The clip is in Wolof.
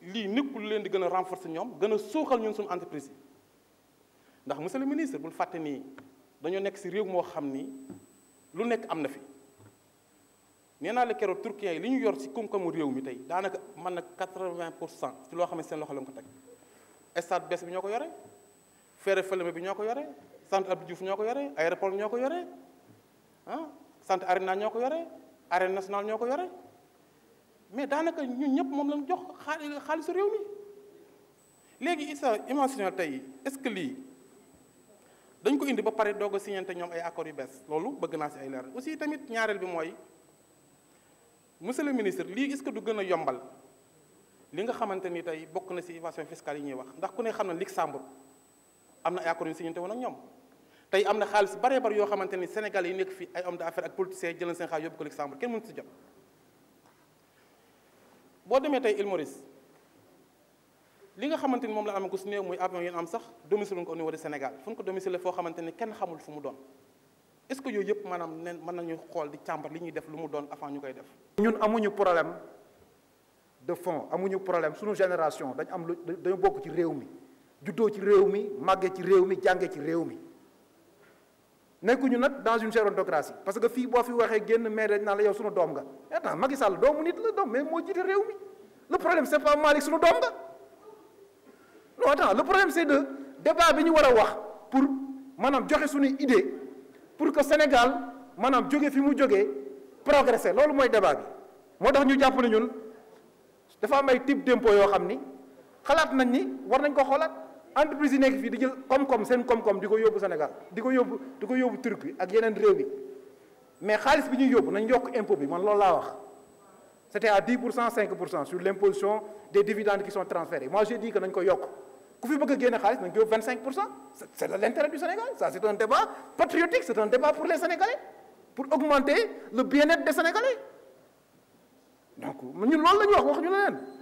lii nekkul leen di gën a renforcer ñoom gën a suuxal ñun suñu entreprise yi ndax monsieur le ministre bul fàtte nii dañoo nekk si réew moo xam ni lu nekk am na fi nee naa la keroog turquien yi li ñu yor si koom-koomu réew mi tey daanaka mën na 80 pour cent ci loo xam ne seen loxo la ko teg stade bees bi ñoo ko yore Ferre Falémé bi ñoo ko yore centre Abdou Diouf ñoo ko yore aéroport ñoo ko yore ah centre Arena ñoo ko yore arène national ñoo ko yore mais daanaka ñun ñep mom lañ jox xaalisu réew mi légui isa imaginal tay est-ce que lii dañ ko indi ba paré dogo signanté ñom ay accord yu bess lolu bëgg na ci ay lér aussi tamit ñaarël bi moy monsieur le ministre li est-ce que du gëna yombal li nga xamanteni tay tey bokk na ci évasion fiscale yi ñuy wax ndax ku ne xamna na Luxembourg am ay accord yu signanté won ak ñom tay amna na xaalis bare bare yoo xamante Sénégal yi nekk fi ay hommes d'affaires ak politiciens jël seen xaar yóbbu ko Luxembourg kenn mënu ci jot boo demee tey Île Maurice li nga xamante ni moom la amee gus néew muy avion yéen am sax domicile ko au niveau du Sénégal fu ko domicile foo xamante ni kenn xamul fu mu doon est-ce que yooyu yëpp maanaam nañu xool di càmbar li ñuy def lu mu doon avant ñu koy def. ñun amuñu problème de fond amuñu problème suñu génération dañ am lu dañu bokk ci réew mi juddoo ci réew mi màggee ci réew mi jàngee ci réew mi. Nous sommes dans une gérontocratie parce que fii boo fi waxee génn dañ la yow sunu doom nga attends Macky Sall doomu nit la doom mais moo jiite réew mi le problème c'est pas Malick sunu doom nga non attends le problème c'est de débat bi ñu war wax pour maanaam joxe une idée pour que Sénégal maanaam jóge fi mu jógee progresser loolu mooy débat bi moo tax ñu ñun dafa type d'emploi. ni nañ ni war nañ ko entreprise yi comme di Sénégal Turquie mais bi c'était à 10 5 sur l'imposition des dividendes qui sont transférés moi j'ai dit que nañ ko ku fi bëgg 25 c'est l'intérêt du Sénégal ça c'est un débat patriotique c'est un débat pour les Sénégalais pour augmenter le bien-être des Sénégalais donc ñun